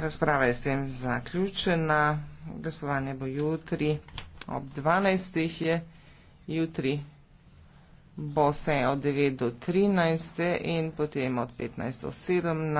Razprava je s tem zaključena. Glasovanje bo jutri ob 12. je. Jutri bo se od 9 do 13. in potem od 15 do 17.